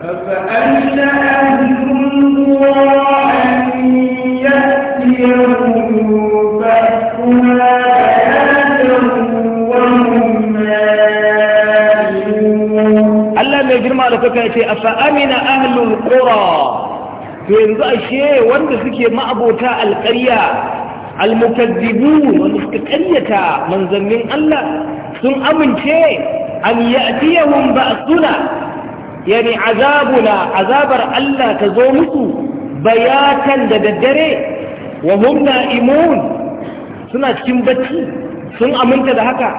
فأمن أهل القرى في فينزع الشيء واندسك معبوطة القرية المكذبون والاستقرية من ظنين الله ثم أمن شيء أن يأتيهم بأسنا yani azabuna azabar Allah ta zo musu bayatan da daddare wa hum na'imun suna cikin bacci sun aminta da haka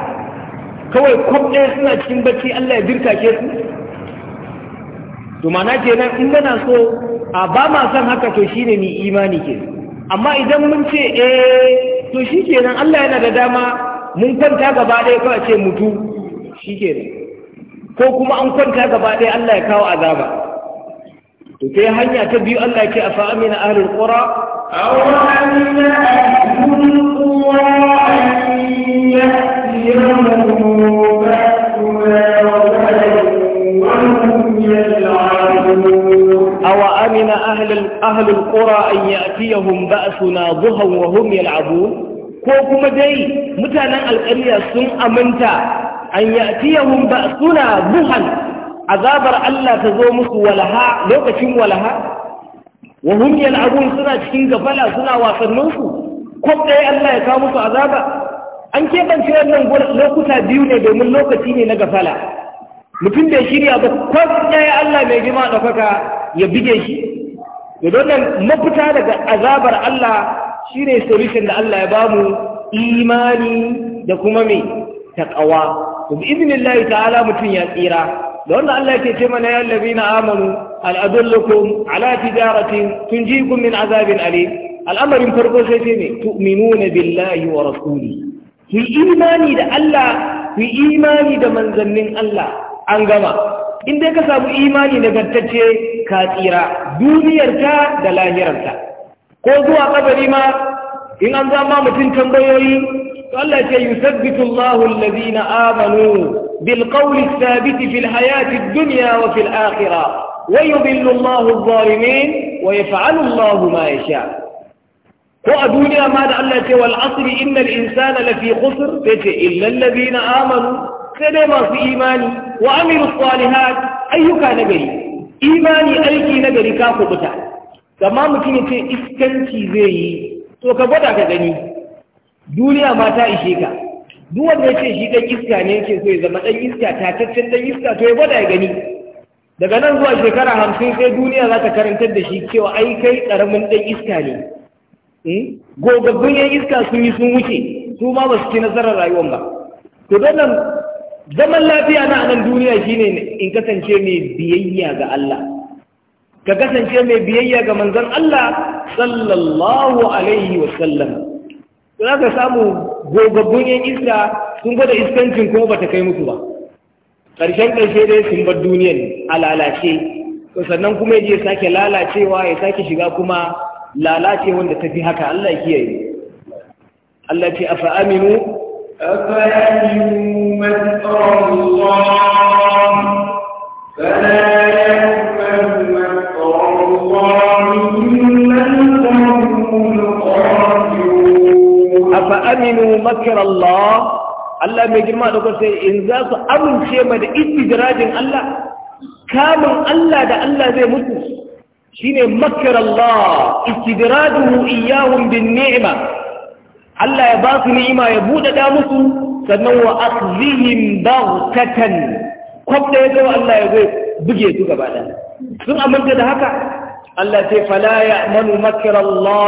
kawai kwabɗe suna cikin bacci Allah ya birka ke su to kenan in muna so a ba ma san haka to shine ni imani ke amma idan mun ce eh to shi shikenan Allah yana da dama mun kwanta gaba ɗaya kawai ce mutu shi shikenan ko kuma an kwanta gaba ɗaya Allah ya kawo azaba to sai hanya ta biyu Allah yake ce a fa'amina ahlul qura aw amina ahlul qura an yasirun أمن أهل, أهل القرى أن يأتيهم بأسنا ضحى وهم يلعبون ko kuma dai mutanen alƙarya sun aminta an ya'tiyahum suna buhan azabar Allah ta zo musu walaha lokacin walaha wa hum suna cikin gafala suna wasannin ko ɗaya Allah ya kawo musu azaba an keɓance wannan lokuta biyu ne domin lokaci ne na gafala mutum bai shirya ba ko dai Allah mai jima ɗaukaka ya bige shi da don mafita daga azabar Allah shine solution da Allah ya bamu imani da kuma mai taqwa to bi iznillahi ta'ala mutum ya tsira da wanda Allah yake ce mana ya allazina amanu al adullukum ala tijaratin tunjikum min azabin alim al'amarin farko sai ce ne tu'minuna billahi wa rasuli ku imani da Allah ku imani da manzannin Allah an gama in dai ka samu imani nagartacce ka tsira duniyarka da lahirarta. ko zuwa kabari ma in an zama mutum tambayoyi Allah ce yusabbitu Allahu amanu bil qawli thabiti fil hayati ad-dunya wa fil akhirah wa yudhillu Allahu adh-dhalimin wa yaf'alu Allahu ma yasha ko a duniya ma da Allah ce wal asri innal insana lafi khusr tace illa allazina amanu sai dai masu imani wa amilu salihat ayyuka nagari imani aiki nagari ka kubuta amma mutum ya ce iskanci zai yi to ka gwada ka gani duniya ma ta ishe ka duk wanda ya ce shi ɗan iska ne yake so ya zama ɗan iska ta tattalin ɗan iska to ya gwada ya gani daga nan zuwa shekara hamsin sai duniya za ta karantar da shi cewa ai kai ƙaramin ɗan iska ne eh? gogaggun yan iska sun yi sun wuce su ma ba su ci nasarar rayuwar ba to don zaman lafiya na anan duniya shine in kasance mai biyayya ga Allah ka kasance mai biyayya ga manzon Allah sallallahu alaihi wasallam za ka samu gogabbun yan iska sun gwada iskancin kuma bata kai mutu ba ƙarshen ƙarshe dai sun bar duniyan a lalace sannan kuma ya sake lalacewa ya sake shiga kuma lalace wanda ta fi haka Allah kiyaye Allah ce a aminu afa aminu man Allah aminu makar Allah Allah mai girma da sai in za su amince ma da istidrajin Allah kamun Allah da Allah zai mutu shine makar Allah istidrajuhu iyahum bin Allah ya ba su ni'ima ya buɗe da musu sannan wa akhzihim baghtatan kwabda ya zo Allah ya zo buge su gaba da. sun amince da haka Allah ce fala ya'manu makar Allah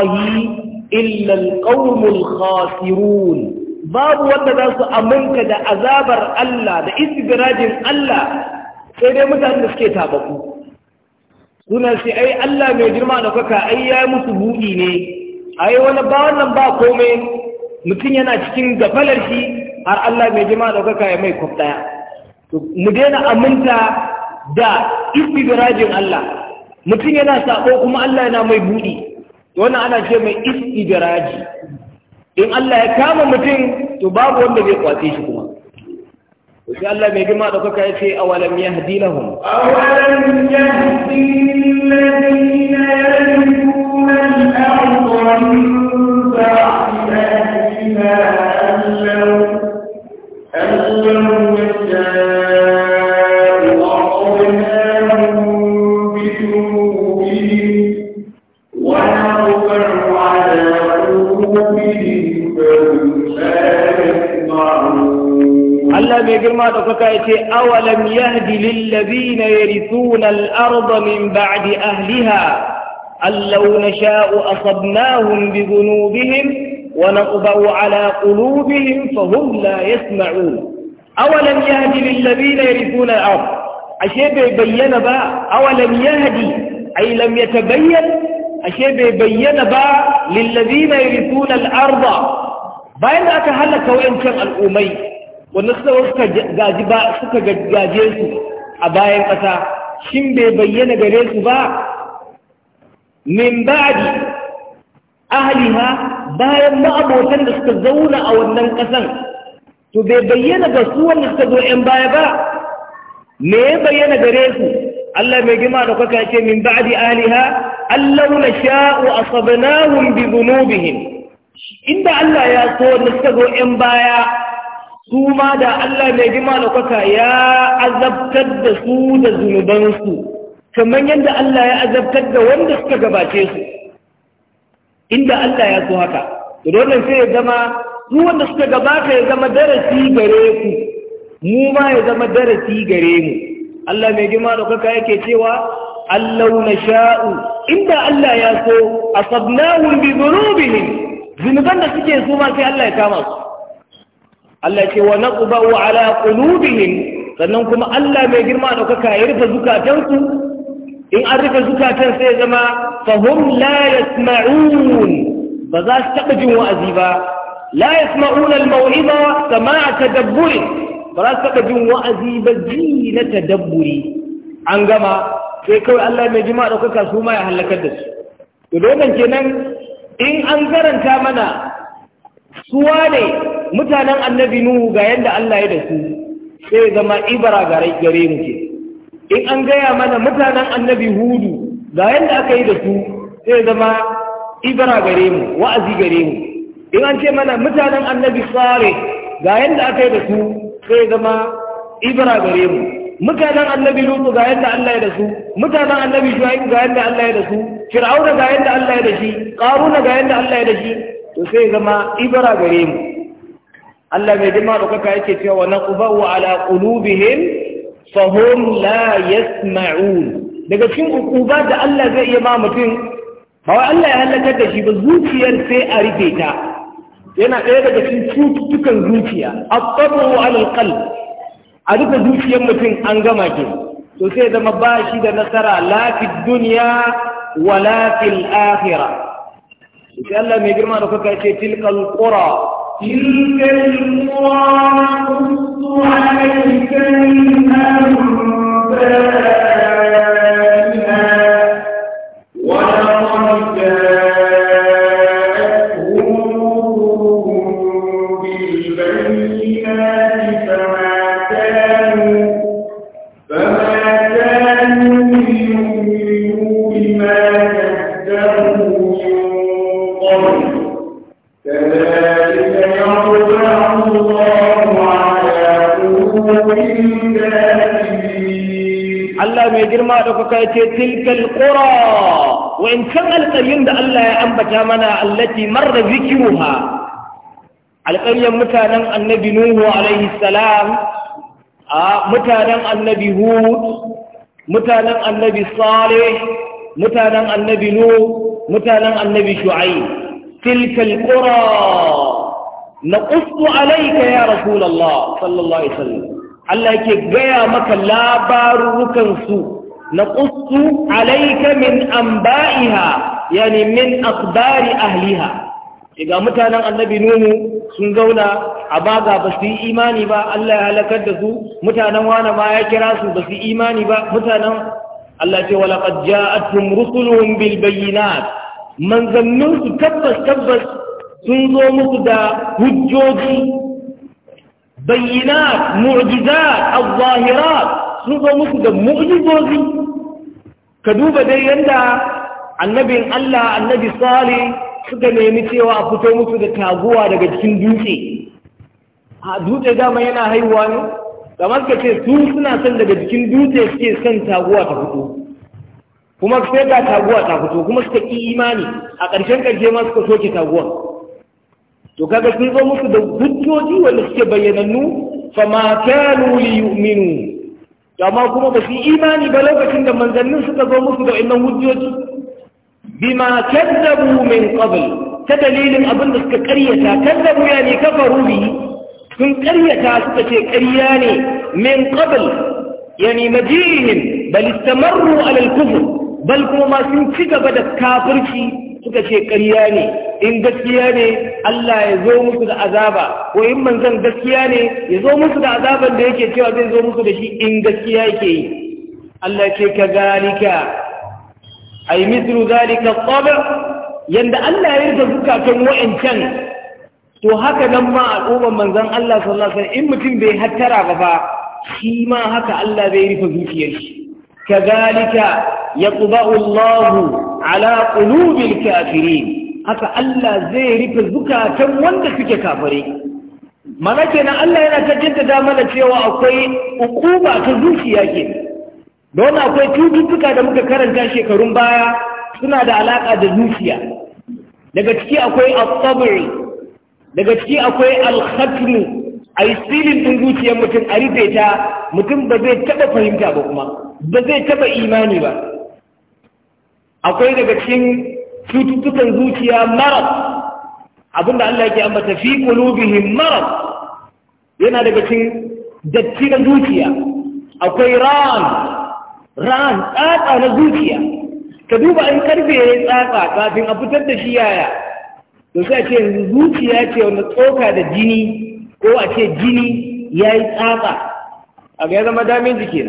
Illal alqawmul khasirun babu wanda za su aminta da azabar Allah da istidrajin Allah sai dai mutane da suke tabaku suna sai ai Allah mai girma da kwaka ai ya yi musu buɗi ne ai wani ba wannan ba komai mutum yana cikin gafalar shi har Allah mai girma da kwaka ya mai kwaf mu daina aminta da istidrajin Allah mutum yana saƙo kuma Allah yana mai buɗi wannan ana ce mai istidraji in Allah ya kama mutum to babu wanda zai kwace shi kuma sai Allah mai girma da kuka yace awalam yahdi lahum awalam yahdi alladhina yarithuna al-ardha min ba'di ahliha an girma ɗaukaka ya ce awalam yahdi lillazina yarithuna al-arda min ba'di ahliha allaw nasha'u asabnahum bi dhunubihim wa natba'u ala qulubihim fa hum la yasma'un awalam yahdi lillazina yarithuna al-ard ashe bai bayyana ba awalam yahdi ay lam yatabayyan ashe bai bayyana ba lillazina yarithuna al-arda bayan da aka halaka wayancan al'ummai wanda suka gaji ba suka gaje su a bayan ƙasa shin bai bayyana gare su ba min ba'di ahliha bayan ma'abotan da suka zauna a wannan ƙasan to bai bayyana ga su wanda suka zo ƴan baya ba me ya bayyana gare su Allah mai gima da kwaka ce min ba'di ahliha allau na sha'u asabnahum bi dhunubihim inda Allah ya so wanda suka zo ƴan baya su ma da Allah mai girma da kwaka ya azabtar da su da zunubansu kamar yadda Allah ya azabtar da wanda suka gabace su inda Allah ya so haka dole sai ya zama su wanda suka gabata ya zama darasi gare ku mu ma ya zama darasi gare mu Allah mai girma da kwaka yake cewa na sha'u. inda Allah ya so asabnahum bi dhunubihim zunuban da suke so ma sai Allah ya kama su Allah ce wa naqba'u ala qulubihim sannan kuma Allah mai girma da kaka ya rufe zukatansu in an rufe zukatan sai zama fahum la yasma'un ba za su taɓa jin wa'azi ba la yasma'una al-mau'iza sama'a tadabburi ba za su taɓa jin wa'azi ba ji na tadabburi an gama sai kawai Allah mai girma ɗaukaka su ma ya halakar da su. To dokan kenan in an karanta mana suwa ne mutanen annabi nuhu ga yadda Allah ya da su sai zama ibara gare mu ke in an gaya mana mutanen annabi hudu ga yadda aka yi da su sai zama ibara gare mu wa'azi gare mu in an ce mana mutanen annabi tsare ga yadda aka yi da su sai zama ibara gare mu mutanen annabi lutu ga yadda Allah ya da su mutanen annabi shu'aib ga yadda Allah ya da su fir'auna ga yadda Allah ya da shi qaruna ga yadda Allah ya da shi to sai zama ibra gare mu Allah mai jima ɗaukaka yake cewa wa naqubahu ala qulubihim fa hum la yasma'un daga cikin ukuba da Allah zai iya ma mutum ba wai Allah ya halakar da shi ba zuciyar sai a rufe ta yana ɗaya daga cikin cututtukan zuciya asabu ala alqalb a rufe zuciyar mutum an gama ke to sai zama ba shi da nasara la fi dunya wala fil akhirah sai Allah mai girma da kuka ce tilkal qura tilkal qura qussu alayka min ɗauka ya ce tilkal ƙura wa'incan alƙaryun da Allah ya ambata mana allati marra zikiruha alƙaryar mutanen annabi Nuhu alaihi salam a mutanen annabi Hud mutanen annabi Saleh mutanen annabi Nu, mutanen annabi Shu'aib tilkal ƙura na ƙustu alaika ya rasulallah sallallahu alaihi wasallam Allah yake gaya maka labarukansu naqussu alayka min anba'iha yani min akhbari ahliha ga mutanen annabi nuhu sun zauna a baga ba su yi imani ba Allah ya halakar da su mutanen wani ma ya kira su ba su yi imani ba mutanen Allah ce wala qad ja'atuhum rusuluhum bil bayyinat manzannin su tabbas tabbas sun zo musu da hujjoji bayyinat mu'jizat al-zahirat sun zo musu da mu'jizozi ka duba dai yanda annabin Allah annabi Salih suka nemi cewa a fito musu da taguwa daga cikin dutse a dutse dama yana haihuwa ne kamar ka ce su suna son daga cikin dutse suke son taguwa ta fito kuma sai ga taguwa ta fito kuma suka ƙi imani a ƙarshen ƙarshe ma suka soke taguwa to kaga sun zo musu da hujjoji wanda suke bayyanannu fa ma kanu li yu'minu amma kuma ba su imani ba lokacin da manzannin suka zo musu da wannan hujjoji bima kazzabu min qabl ta dalilin abin da suka karyata ya ne kafaru bi sun karyata suka ce karya ne min qabl yani majihim bal istamarru ala al-kufr bal kuma sun ci gaba da kafirci suka ce karya ne in gaskiya ne Allah ya zo musu da azaba ko in manzon gaskiya ne ya zo musu da azaban da yake cewa zai zo musu da shi in gaskiya yake yi Allah ce ka zalika ai mislu zalika sabr yanda Allah ya yarda zukatan wa'ancan to haka nan ma al'umman manzon Allah sallallahu alaihi wasallam in mutum bai hattara ba fa shi ma haka Allah zai rufe zuciyar shi kadhalika yaqba'u Allahu ala qulubil kafirin haka Allah zai rufe zukatan wanda suke kafare mana kenan Allah yana ta jaddada mana cewa akwai hukuma ta zuciya ke don akwai cututtuka da muka karanta shekarun baya suna da alaka da zuciya daga ciki akwai al asabri daga ciki akwai alhatmu a yi silin ɗin zuciyar mutum a rufe ta mutum ba zai taɓa fahimta ba kuma ba zai taɓa imani ba akwai daga cikin cututtukan zuciya marar abinda Allah yake ambata fi qulubihim marar yana daga cikin datti na zuciya akwai ran ran tsatsa na zuciya ka duba an karfe ya tsatsa kafin a fitar da shi yaya to sai a ce zuciya ce wanda tsoka da jini ko a ce jini ya yi tsatsa a ga ya zama damin jiki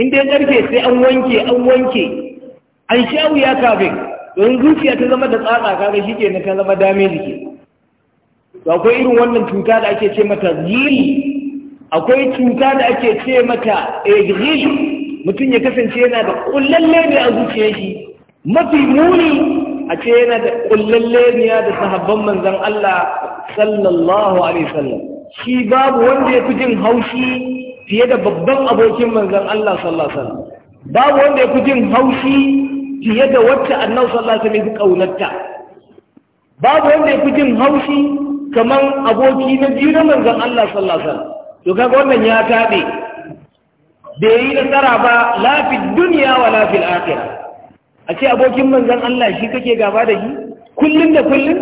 in dai karfe sai an wanke an wanke an sha wuya kafin don zuciya ta zama da tsatsa kaga shi ke ta zama dame jiki to akwai irin wannan cuta da ake ce mata zili akwai cuta da ake ce mata ejil mutum ya kasance yana da kullalle ne a zuciya shi mafi muni a ce yana da kullalle ne da sahabban manzan Allah sallallahu alaihi wasallam shi babu wanda ya fi jin haushi fiye da babban abokin manzon Allah sallallahu alaihi wasallam babu wanda ya fi jin haushi fiye da wacce annabi sallallahu alaihi wasallam ya kaunarta babu wanda ya fi jin haushi kamar aboki na biyu na manzon Allah sallallahu alaihi wasallam to kaga wannan ya tabe bai yi nasara ba la fi dunya wa la fil akhirah a ce abokin manzon Allah shi kake gaba da shi kullun da kullun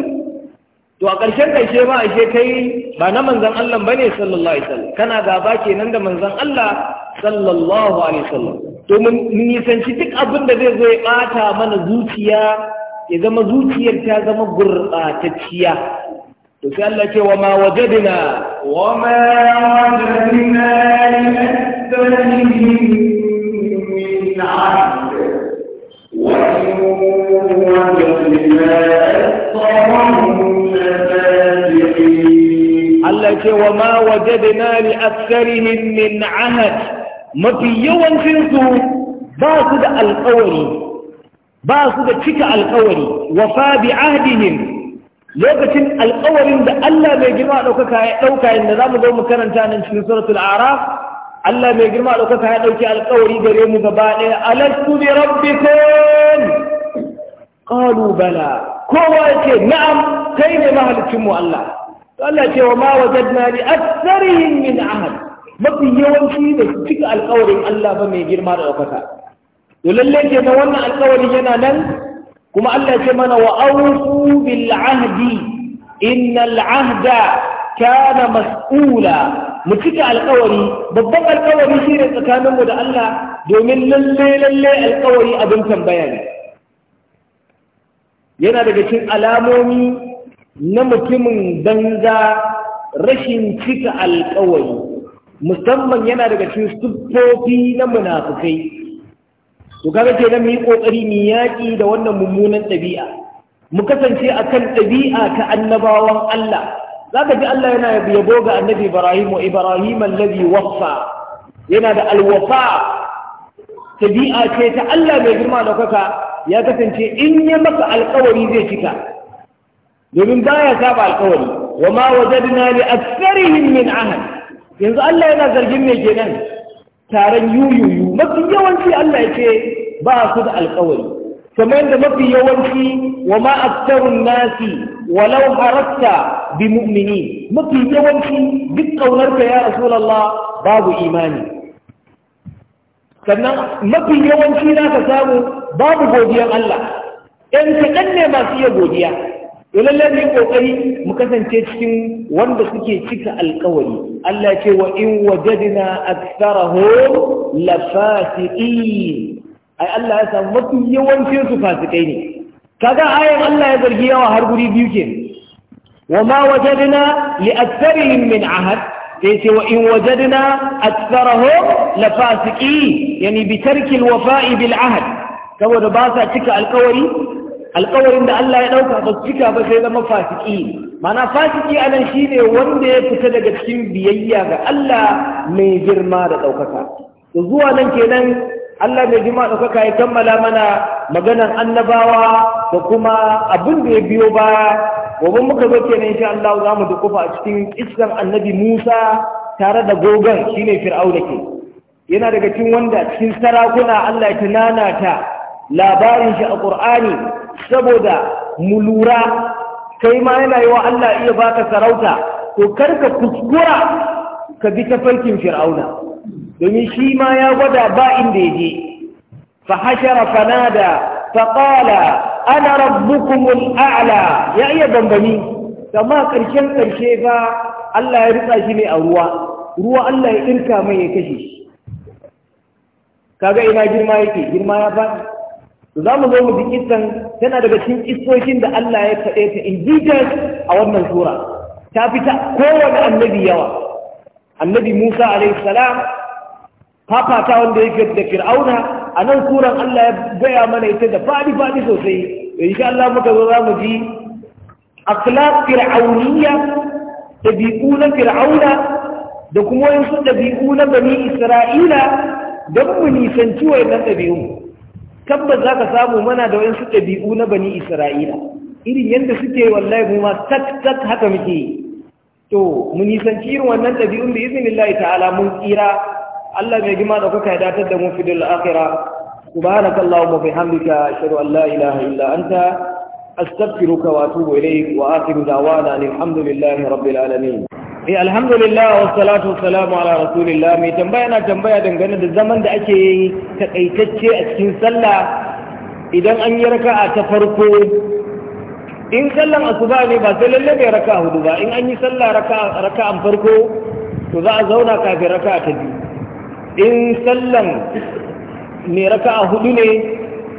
to a ƙarshen ƙarshe ma ashe kai ba na manzon Allah bane sallallahu alaihi wasallam kana gaba kenan da manzon Allah sallallahu alaihi wasallam to mun nisanci duk abin da zai zo ya ɓata mana zuciya ya zama zuciyar ta zama gurɓatacciya to sai Allah ce wa ma wajadna wa ma wajadna min ahad wa Allah ce wa ma wajadna li aktharihim min ahad mafi yawancinsu ba su da alkawari ba su da cika alkawari wafa bi ahdihim lokacin alkawarin da Allah mai girma ɗaukaka ya ɗauka za mu zo mu karanta nan cikin suratul araf Allah mai girma ɗaukaka ya ɗauki alkawari gare mu gaba ɗaya alastu bi rabbikum qalu bala kowa yace na'am kai ne mahalicin mu Allah to Allah ce wa ma wajadna li aktharihim min ahad mafi yawanci da cika alkawarin Allah ba mai girma da ɗaukaka to lalle ke na wannan alkawari yana nan kuma Allah ce mana wa awfu bil ahdi innal ahda kana mas'ula mu cika alkawari babban alkawari shine tsakanin mu da Allah domin lalle lalle alkawari abin tambaya ne yana daga cikin alamomi na mutumin danga rashin cika alkawari musamman yana daga cikin siffofi na munafukai to kaga ce nan mu yi kokari mu yaki da wannan mummunan ɗabi'a mu kasance akan ɗabi'a ta annabawan Allah zaka ji Allah yana yabo ga annabi Ibrahim wa Ibrahim alladhi waffa yana da alwafa ɗabi'a ce ta Allah mai girma da kaka ya kasance in ya maka alƙawari zai cika domin baya saba alƙawari wa ma wajadna li aktharihim min ahad yanzu Allah yana zargin mai kenan taron yuyuyu mafi yawanci Allah yake ba su da alkawari kamar yadda mafi yawanci wa ma aktarun nasi walau harasta bi mu'mini mafi yawanci duk kaunar ka ya rasulullah babu imani sannan mafi yawanci za ka samu babu godiyar Allah ɗan kaɗan ne masu iya godiya to lalle ne ƙoƙari mu kasance cikin wanda suke cika alkawari Allah ce wa in wajadna aktharahum la fasiqin ai Allah ya samu mafi yawancin su fasikai ne kaga ayan Allah ya zargi yawa har guri biyu ke wa ma wajadna li aktharihim min ahad sai ce wa in wajadna aktharahum la fasiqin yani bi tarki alwafa'i bil ahad saboda ba sa cika alkawari alƙawarin da Allah ya ɗauka ba su cika ba sai zama fasiki mana fasiki a nan shi ne wanda ya fita daga cikin biyayya ga Allah mai girma da ɗaukaka to zuwa nan kenan Allah mai girma ɗaukaka ya kammala mana maganan annabawa da kuma abin da ya biyo baya gobe muka zo kenan insha Allah za mu dukufa a cikin iskan annabi Musa tare da gogon shine fir'auna ke yana daga cikin wanda cikin sarakuna Allah ya tunana ta labarin shi a Qur'ani saboda mu lura kai ma yana yi wa Allah iya baka sarauta to kar ka kuskura ka bi ta farkin fir'auna domin shi ma ya gwada ba inda ya je fa hashara fanada fa qala ana rabbukum a'la ya iya bambami amma karshen karshe fa Allah ya rika shi ne a ruwa ruwa Allah ya irka mai ya kashe shi kaga ina girma yake girma ya faɗi to za mu zo mu bi tana daga cikin kissokin da Allah ya faɗe ta in a wannan sura ta fita kowane annabi yawa annabi Musa alaihi salam fafata wanda yake da Fir'auna a nan suran Allah ya gaya mana ita da fadi fadi sosai insha Allah muka zo za mu ji akhlaq fir'auniyya dabi'u na fir'auna da kuma wayansu dabi'u na bani isra'ila don mu nisanci wayannan dabi'u tabbas za ka samu mana da wayansu ɗabi'u na bani isra'ila irin yadda suke wallahi mu ma tak tak haka muke yi to mu nisanci irin wannan ɗabi'un da izinin Allah ta'ala mun tsira Allah mai gima da kuka datar da mu fidil akhira subhanakallahumma bihamdika ashhadu an la ilaha illa anta أستغفرك وأتوب إليك وآخر دعوانا الحمد alhamdulillahi رب العالمين eh alhamdulillah wa salatu wa salamu ala rasulillah mai tambaya na tambaya dangane da zaman da ake yi takaitacce a cikin sallah idan an yi raka'a ta farko in sallan asuba ne ba sai lalle bai raka'a hudu ba in an yi sallah raka'a farko to za a zauna kafin raka'a ta biyu in sallan mai raka'a hudu ne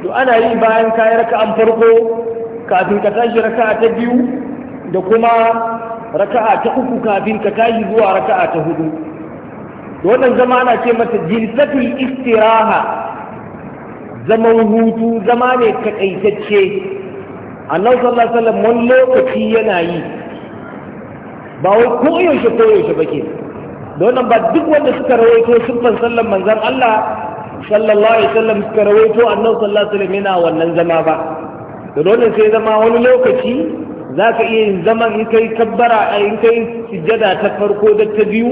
to ana yi bayan kayi raka'an farko kafin ka tashi raka'a ta biyu da kuma raka'a ta uku kafin ka tashi zuwa raka'a ta hudu wannan zama ana ce mata jilsatul istiraha zaman hutu zama ne takaitacce annabi sallallahu alaihi wasallam wani lokaci yana yi ba wai ko yaushe ko yaushe bake da wannan ba duk wanda suka rawaito sufan sallan manzon Allah sallallahu alaihi wasallam suka rawaito annabi sallallahu alaihi wasallam yana wannan zama ba da wannan sai zama wani lokaci za ka iya yin zaman in kai kabbara in kai sujjada ta farko da ta biyu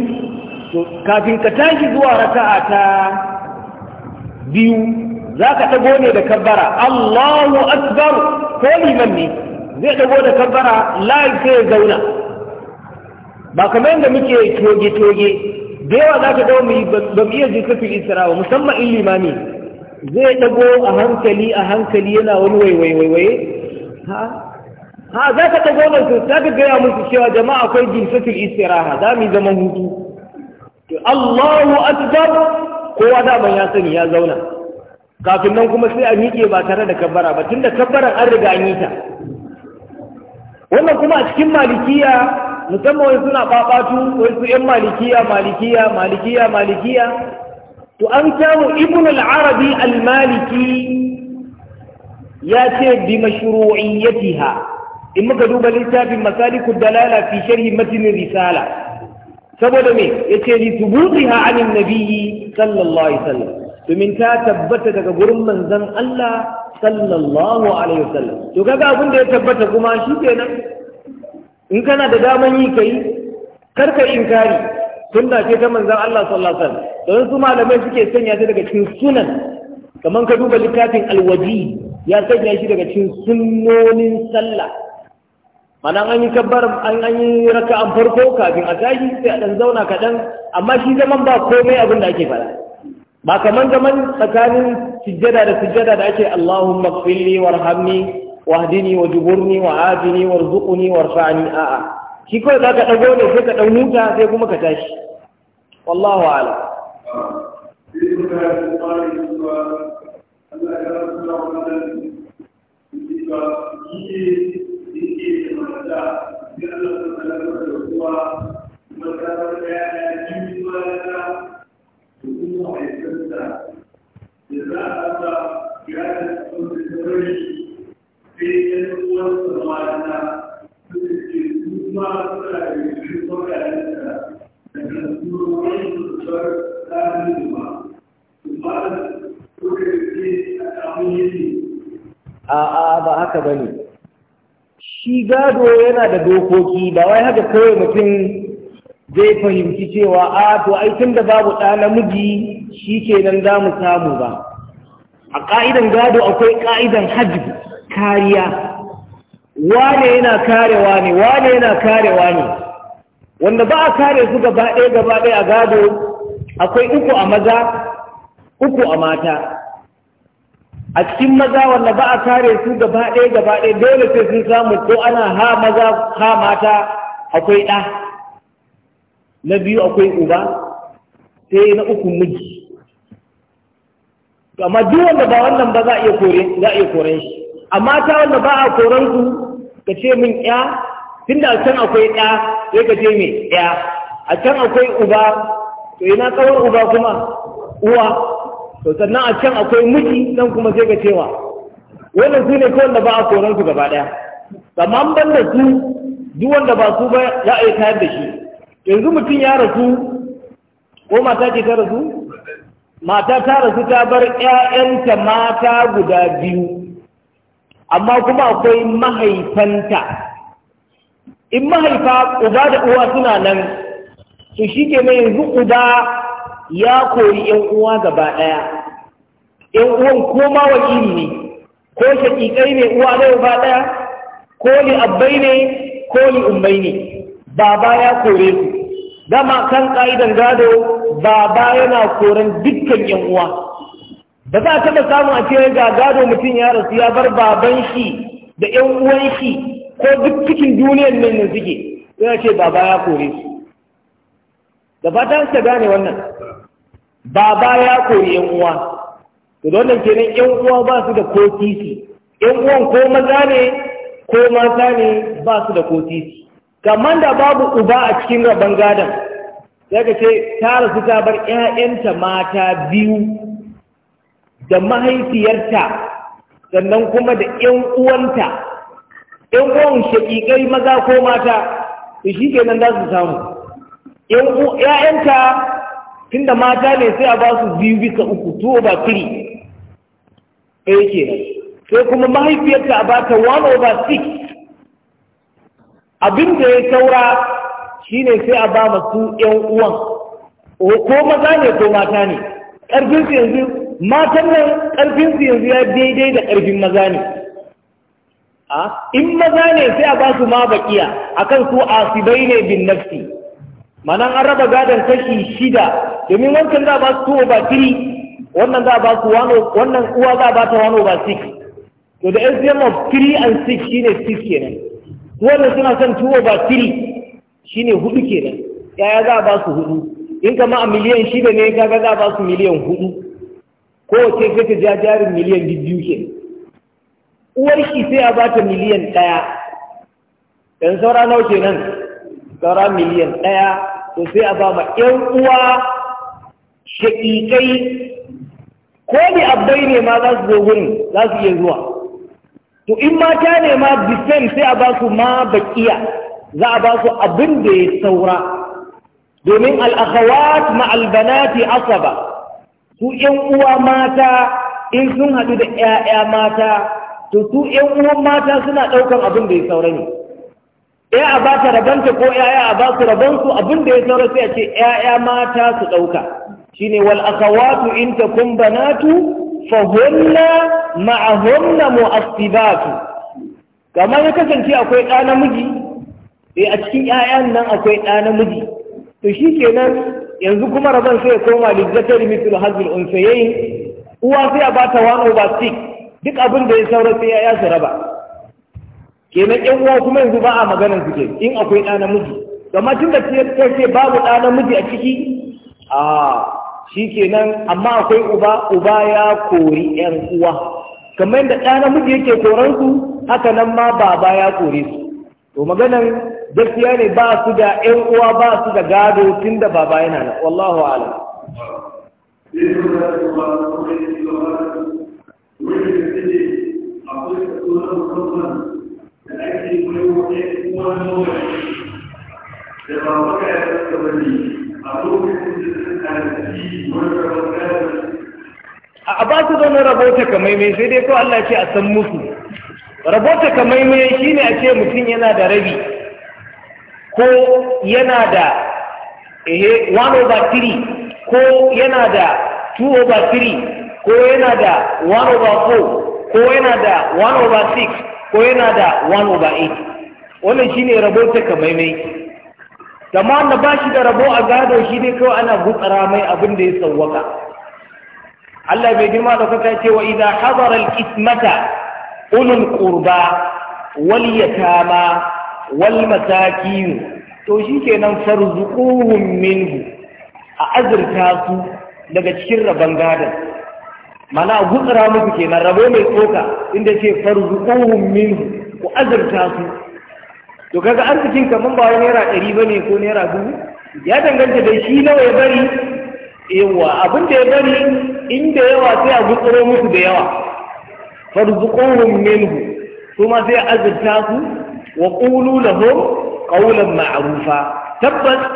to kafin ka tashi zuwa raka'a ta biyu za ka ɗago ne da kabbara Allahu akbar ko liman ne zai dago da kabbara layi sai ya zauna ba kamar yadda muke toge-toge da yawa za ka dawo mu ba mu iya zikirfin isra ba musamman in limami zai dago a hankali a hankali yana wani waiwaiwaiwaye ha ha za ka ta goma su za gaya musu cewa jama'a akwai jinsatul istiraha za mu zaman hutu Allahu akbar kowa da ban ya sani ya zauna kafin nan kuma sai a miƙe ba tare da kabbara ba tunda kabbaran an riga an yi ta wannan kuma a cikin malikiya musamman wani suna babatu wani su yan malikiya malikiya malikiya malikiya to an samu ibn al-arabi al-maliki ya ce bi mashru'iyyatiha in muka duba littafin masalikud dalala fi sharhi matinin risala saboda me yace li tubutiha anin nabiyyi sallallahu alaihi wasallam domin ta tabbata daga gurin manzon Allah sallallahu alaihi wasallam to kaga abin da ya tabbata kuma shi kenan in kana da daman yi kai kar ka inkari sunna ce ta manzon Allah sallallahu alaihi wasallam don su malamai suke sanya ta daga cikin sunan kamar ka duba littafin alwaji ya sanya shi daga cikin sunnonin sallah mana an yi kabbar an an yi an farko kafin a tashi sai a dan zauna kaɗan amma shi zaman ba komai abin da ake fara ba kaman zaman tsakanin sujjada da sujjada da ake Allahumma ighfirli warhamni wahdini wajburni wa'afini warzuqni warfa'ni a'a shi kawai ka dago ne sai ka dau nuta sai kuma ka tashi wallahu a'lam Allah ya rabu da wannan a'a ba haka bane shi gado yana da dokoki ba wai haka kawai mutum zai fahimci cewa a to ai tun da babu ɗa namiji shi ke nan za mu samu ba a ƙa'idan gado akwai ƙa'idan hajji kariya wane yana karewa ne wane yana karewa ne wanda ba a kare su gaba ɗaya gaba ɗaya a gado akwai uku a maza uku a mata a cikin maza wanda ba a kare su gaba ɗaya gaba ɗaya dole sai sun samu ko ana ha maza ha mata akwai ɗa na biyu akwai uba sai na uku miji amma duk wanda ba wannan ba za a iya kore za a iya koren shi amma ta wanda ba a koren su ka ce min ya tunda a can akwai ɗa sai ka ce me ya a can akwai uba to ina kawar uba kuma uwa to sannan a can akwai miki nan kuma sai ga cewa wannan su ne kawai da ba a koron su gaba ɗaya amma ban da su duk wanda ba su ba za a yi tayar da shi yanzu mutum ya rasu ko mata ce ta rasu mata ta rasu ta bar ƴaƴanta mata guda biyu amma kuma akwai mahaifanta in mahaifa uba da uwa suna nan to shi ke yanzu uba ya kori ‘yan uwa gaba ɗaya, ‘yan uwan koma wakili ne, ko shaƙiƙai ne uwa da ba ɗaya, ko ni abbai ne, ko ni ummai ne, baba ya kore su. Dama kan ƙa'idan gado, baba yana koren dukkan ‘yan uwa. Ba za a taɓa samun a cikin ga gado mutum ya rasu ya bar baban shi da ‘yan uwan shi ko duk cikin duniyan nan yanzu ke, ina ce baba ya kore su. da fata ka gane wannan baba ya koyi yan uwa to don nan kenan yan uwa ba su da ko titi yan uwan ko maza ne ko mata ne ba su da ko kamar da babu uba a cikin rabon gadon sai ka ce ta rasu ta bar 'ya'yanta mata biyu da mahaifiyarta sannan kuma da 'yan uwanta 'yan uwan shaƙiƙai maza ko mata to shi kenan za su samu ‘ya'yanka tun da mata ne sai a ba su biyu bisa uku tuwo ba tiri ɗaya ke sai kuma mahaifiyarta a ba ta one over six abin da ya saura shine sai a ba masu ‘yan uwan ko maza ne ko mata ne su yanzu matan nan ƙarfinsu yanzu ya daidai da ƙarfin maza ne in maza ne sai a ba su ma bakiya akan su asibai ne bin nafsi manan an raba gadon kashi shida domin wancan za a ba su tuwo ba tiri wannan za a ba su wano wannan uwa za a ba ta wano ba six to the SDM of three and six shine six kenan wannan suna son tuwo ba tiri shine hudu kenan yaya za a ba su hudu in kama a miliyan shida ne kaga za a ba su miliyan hudu kowace kake ja jarin miliyan biyu ke uwar shi sai a ba ta miliyan ɗaya dan saura nawa kenan saura miliyan ɗaya to sai a ba ma ƴan uwa shaƙiƙai ko ne abbai ne ma za su zo wurin za su iya zuwa to in mata ne ma bisan sai a ba su ma baƙiya za a ba su abin da ya saura domin al'akhawat ma'albanati asaba su ƴan uwa mata in sun haɗu da ƴaƴa mata to su ƴan uwan mata suna ɗaukar abin da ya saura ne ya a ba ta rabanta ko yaya a ba su rabansu abin ya saura sai a ce yaya mata su ɗauka shine wal akhawatu in kun banatu fa hunna ma'ahunna mu'assibatu kamar ya kasance akwai ɗa namiji sai eh, a cikin yayan nan akwai ɗa namiji to shikenan yanzu kuma rabon sai ya koma lizzatari mithlu hazil unsayayn uwa sai a ba ta 1 over duk abinda da ya saura sai yaya su raba kenan yan uwa kuma yanzu ba a maganar su ke in akwai ɗa namiji amma tun da ta ce babu ɗa namiji a ciki a shi kenan amma akwai uba uba ya kori yan uwa kamar yadda ɗa namiji yake koran su haka nan ma baba ya kore su to maganan gaskiya ne ba su da yan uwa ba su da gado tun da baba yana nan wallahu alam Thank da ake koyo ne kuma nuna da ba maka ya tsaka bane a lokacin da suka ci wanda ba a ba su zaune rabota kamai mai sai dai ko Allah ce a san musu rabota kamai mai shine a ce mutum yana da rabi ko yana da ehe 1 over 3 ko yana da 2 over 3 ko yana da 1 over 4 ko yana da 1 over 6 ko yana da 1 over 8 wannan shi ne rabo ta kamaimai amma wanda ba shi da rabo a gado shi ne kawai ana gutsara mai abin da ya sauwaka Allah bai girma da kuka ce wa idan hadara al-ismata ulul qurba wal yatama wal masakin to shikenan farzuquhum minhu a azurta su daga cikin rabon gadon mana a gutsura musu kenan rabo mai tsoka inda ce farzuquhum minhu ku azurta su to kaga arzikin kamar ba naira ɗari ba ne ko naira dubu ya danganta da shi nawa ya bari yawa abin da ya bari inda yawa sai a gutsuro musu da yawa farzuquhum minhu kuma sai a azurta su wa qulu lahum qawlan ma'rufa tabbas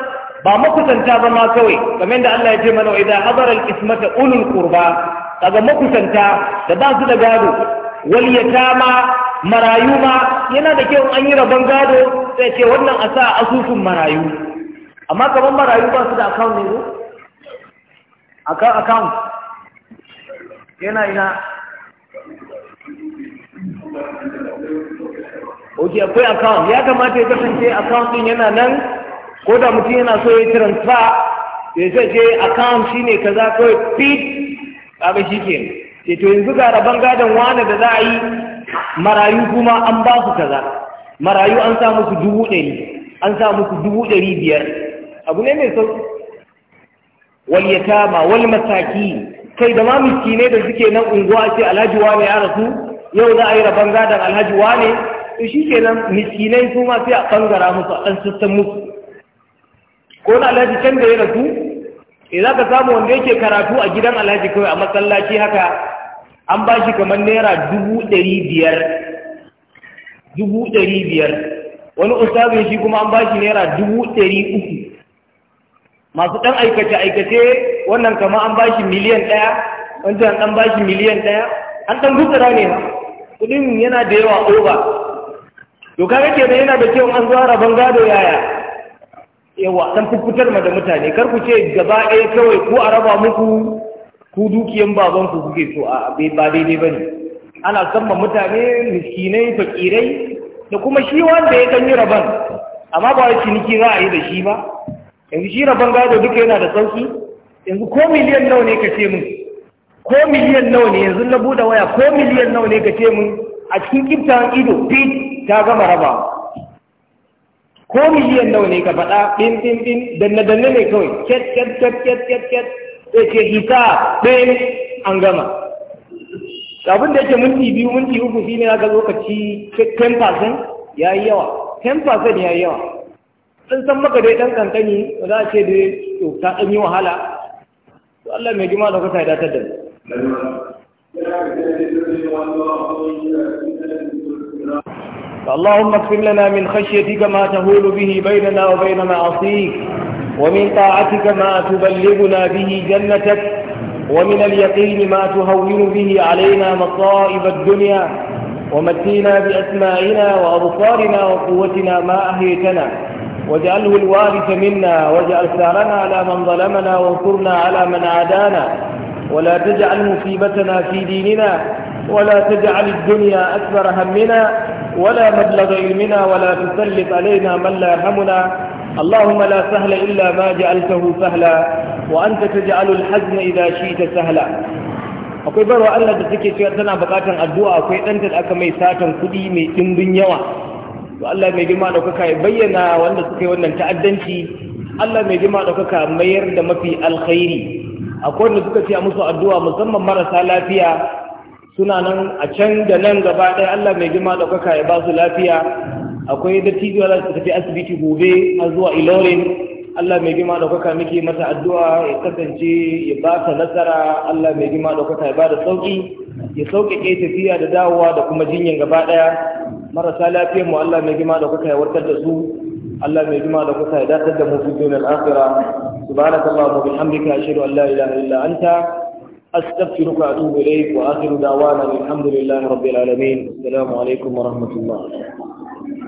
ba makusanta ba ma kawai kamar da Allah ya ce mana idan hadara al-ismata ulul qurba kaga makusanta da ba su da gado wal yatama marayu ma yana da kyau an yi rabon gado sai ce wannan a sa asusun marayu amma kamar marayu ba su da account ne ko Aka account yana ina Oke akwai account ya kamata ya kasance account din yana nan ko da mutum yana so ya transfer ya ce account shine kaza kawai fit kaga shi ke ce to yanzu ga rabon gadon wane da za a yi marayu kuma an ba su kaza marayu an sa musu dubu ɗari an sa musu dubu ɗari biyar abu ne mai sauƙi wal yatama wal masaki kai da ma miskinai da suke nan unguwa ce alhaji wane ya rasu yau za a yi rabon gadon alhaji wane to shi kenan miskinai su ma sai a ɓangara musu a ɗan sassan musu ko na alhaji can da ya rasu idan eh, ka samu wanda yake karatu a gidan alhaji kawai a masallaci haka an ba shi kamar naira dubu ɗari biyar dubu ɗari biyar wani ustazin shi kuma an ba shi naira dubu ɗari uku masu ɗan aikace aikace wannan kama an ba shi miliyan ɗaya wancan an ba shi miliyan ɗaya an ɗan gutsara ne ha kuɗin yana da yawa over to kaga kenan yana da kyau an zuwa rabon gado yaya yawa san fitar ma da mutane kar ku ce gaba ɗaya kawai ko a raba muku ku dukiyan baban ku kuke so a ba daidai bane ana san ma mutane miskinai fakirai da kuma shi wanda ya kanyi yi raban amma ba wai ciniki za a yi da shi ba yanzu shi raban gado duka yana da sauki yanzu ko miliyan nawa ne ka ce min ko miliyan nawa ne yanzu na buɗe waya ko miliyan nawa ne ka ce min a cikin kiftawan ido fit ta gama raba. ko miliyan nawa ne ka faɗa ɗin ɗin ɗin danne danne ne kawai ket ket ket ket ket ket sai ke hita ɗin an gama abin da yake minti biyu minti uku shi ne ga lokaci 10% ya yi yawa 10% ya yi yawa sun san maka dai ɗan kankani za a ce da to ta ɗan yi wahala to Allah mai jima da kusa ya datar da mu اللهم اكفر لنا من خشيتك ما تهول به بيننا وبين معاصيك ومن طاعتك ما تبلغنا به جنتك ومن اليقين ما تهون به علينا مصائب الدنيا ومتينا بأسمائنا وأبصارنا وقوتنا ما أهيتنا واجعله الوارث منا واجعل ثارنا على من ظلمنا وانصرنا على من عادانا ولا تجعل مصيبتنا في ديننا ولا تجعل الدنيا أكبر همنا ولا مبلغ علمنا ولا تسلط علينا من لا يرحمنا اللهم لا سهل إلا ما جعلته سهلا وأنت تجعل الحزن إذا شئت سهلا akwai barwa Allah da take cewa tana bukatan addu'a akwai dan da aka mai satan kudi mai ɗimbin yawa to Allah mai girma ɗaukaka ya bayyana wanda suke wannan ta'addanci Allah mai girma ɗaukaka mayar da mafi alkhairi akwai wanda suka ce a musu addu'a musamman marasa lafiya suna nan a can da nan gaba ɗaya Allah mai girma ɗaukaka ya ba su lafiya akwai da tijiyar da tafi asibiti gobe har zuwa ilorin Allah mai girma ɗaukaka muke mata addu'a ya kasance ya ba ta nasara Allah mai girma ɗaukaka ya ba da sauƙi ya sauƙaƙe tafiya da dawowa da kuma jinyan gaba ɗaya marasa lafiyar mu Allah mai girma ɗaukaka ya warkar da su Allah mai girma ɗaukaka ya datar da mu fi duniyar akhira subhanakallahumma bihamdika ashhadu an la ilaha illa anta أستغفرك وأتوب إليك وآخر دعوانا الحمد لله رب العالمين السلام عليكم ورحمة الله